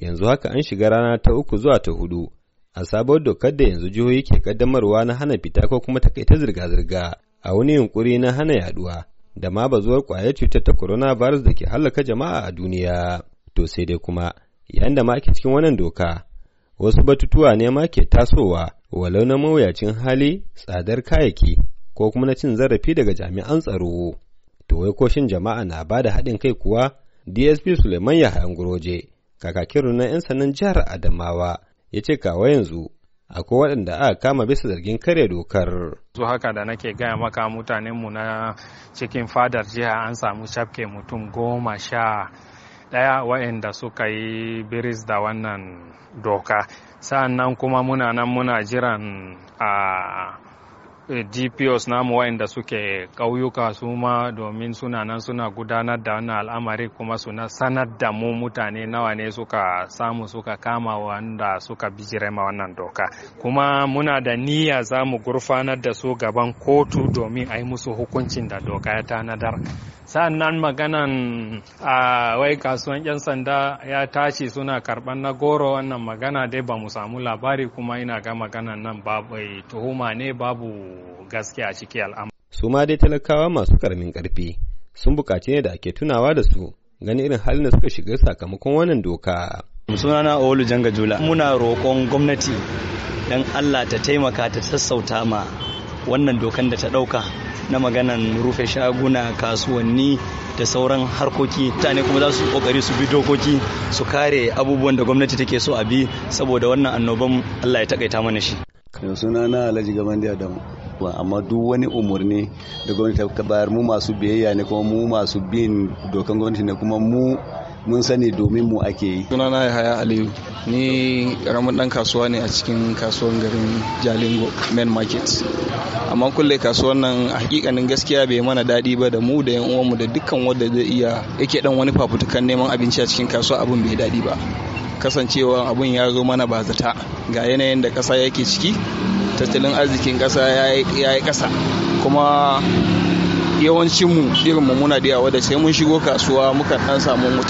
yanzu haka an shiga rana ta uku zuwa ta hudu a sabon dokar da yanzu jihohi ke kaddamarwa na hana fita ko kuma takaita zirga-zirga a wani yunkuri na hana yaduwa da ma bazuwar kwayar cutar ta corona virus da ke hallaka jama'a a duniya to sai dai kuma yayin da ma ake cikin wannan doka wasu batutuwa ne ma ke tasowa walau na mawuyacin hali tsadar kayayyaki ko kuma na cin zarafi daga jami'an tsaro to wai koshin jama'a na ba da haɗin kai kuwa dsp suleiman yahaya ngoroje kakakin na 'yan sannan jihar Adamawa ya ce kawo yanzu akwai waɗanda aka kama bisa zargin kare dokar. Su haka da nake gaya maka mutanenmu na cikin fadar jiha an samu shafke mutum goma sha ɗaya waɗanda suka yi biris da wannan doka. Sa'an kuma muna nan muna jiran a ah, na eh, namu wayanda suke ƙauyuka su ma domin suna nan suna gudanar da wannan al'amari kuma suna sanar da mu mutane nawa ne suka samu suka kama wanda suka bijire ma wannan doka kuma muna da niyya za mu gurfanar da su gaban kotu domin a yi musu hukuncin da doka ya tanadar sa'annan maganan a wai kasuwan 'yan sanda ya tashi suna karɓar na goro wannan magana dai ba mu samu labari kuma ina ga maganan nan babu eh, tuhuma ne babu gaskiya a ciki al'amari. su ma dai talakawa masu karamin karfi sun bukaci ne da ake tunawa da su gani irin halin da suka shiga sakamakon wannan doka. sunana olu janga jula muna roƙon gwamnati don allah ta taimaka ta sassauta ma wannan dokan da ta ɗauka na maganan rufe shaguna kasuwanni da sauran harkoki mutane kuma za su kokari su bi dokoki su kare abubuwan da gwamnati take so a bi saboda wannan annoban allah ya takaita mana shi sunana alhaji da adamu kuwa amma duk wani umarni da gwamnati ta bayar mu masu biyayya ne kuma mu masu bin dokan gwamnati ne kuma mu mun sani domin mu ake yi. Sunana ya haya Aliyu, ni ramin dan kasuwa ne a cikin kasuwan garin Jalingo Main Market. Amma kulle kasuwan nan a hakikanin gaskiya bai mana daɗi ba da mu da yan uwanmu da dukkan wanda zai iya yake dan wani fafutukan neman abinci a cikin kasuwa abun bai daɗi ba. Kasancewa abun ya zo mana ba zata ga yanayin da ƙasa yake ciki tattalin arzikin kasa ya yi kasa kuma yawancinmu irin mu muna da yawa da sai mun shigo kasuwa muka dan samu mu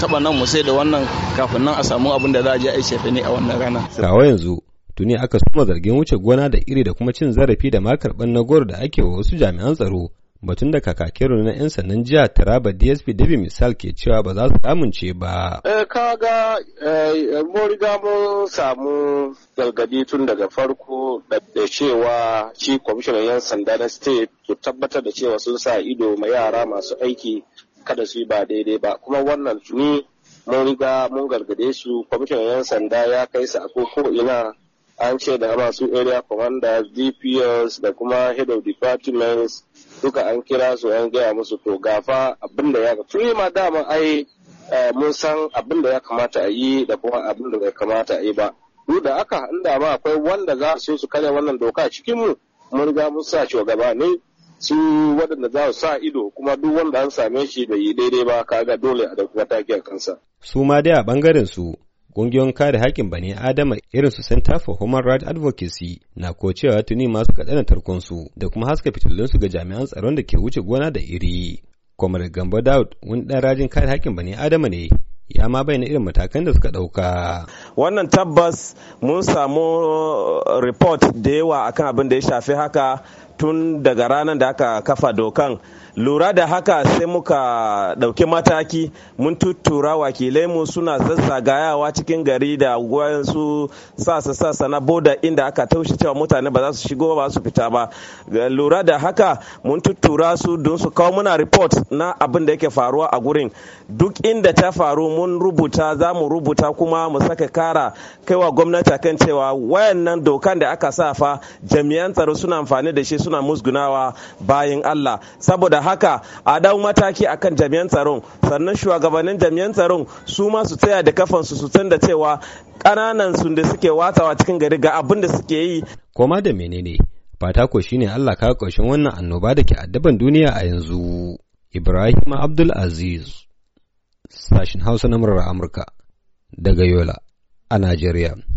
taba nan mu sai da wannan kafin nan a samu abin da za a je a yi ne a wannan rana. Kawo yanzu tuni aka suma zargin wuce gona da iri da kuma cin zarafi da makarɓar karɓar na goro da ake wa wasu jami'an tsaro batun da kakakin na 'yan sannan jiya taraba dsp dabi misal ke cewa ba za su amince ba. Eh, ka ga eh, Moriga riga mun samu gargadi tun daga farko da cewa shi kwamishinan 'yan sanda na state su tabbatar da cewa sun sa ido ma yara masu aiki kada su yi ba daidai ba kuma wannan tuni mun riga mun gargade su kwamishinan 'yan sanda ya kai su a ko ina an ce da masu area commanders dps da kuma head of departments duka an kira su an gaya musu to gafa abin da ya tun ma dama ai eh, mun san abin da ya kamata a yi da kuma abin da bai kamata a yi ba duk da aka inda ma akwai wanda za su su karya wannan doka cikin mu mun riga mun sa shugaba ne su waɗanda za su sa ido kuma duk wanda an same shi bai yi daidai ba kaga dole a dauki mataki kansa su ma dai a bangaren su Ƙungiyoyin kare haƙƙin bani Adama irin su Center for Human Rights Advocacy na ko cewa tuni masu na tarkonsu da kuma haska fitilunsu ga jami'an tsaron da ke wuce gona da iri. Kwamar Gambo Daud wani ɗan rajin kare haƙƙin bani Adama ne ya ma bayyana irin matakan da suka ɗauka. wannan tabbas mun samu uh, report da yawa akan abin da ya shafi haka tun daga ranar da aka kafa dokan lura da haka sai muka ɗauki mataki mun tuttura wakilai mu suna zazzagayawa cikin gari da wasu sasa sasa na boda inda aka taushe cewa mutane ba za su shigo ba su fita ba lura da haka mun tuttura su don su kawo muna report na abin da yake faruwa a gurin duk inda ta faru mun rubuta za mu rubuta kuma mu saka kara kaiwa gwamnati kan cewa wayannan dokan da aka sa fa jami'an tsaro suna amfani da shi suna musgunawa bayan Allah saboda haka a dau mataki akan jami'an tsaron sannan shugabannin jami'an tsaron su ma su tsaya da kafansu su su da cewa kananan sun da suke watsawa cikin gari ga abin da suke yi koma da menene fata ko shine Allah ka ƙarshen wannan annoba da ke addaban duniya a yanzu Ibrahim Abdul Aziz sashin Hausa na murar Amurka daga Yola a Najeriya.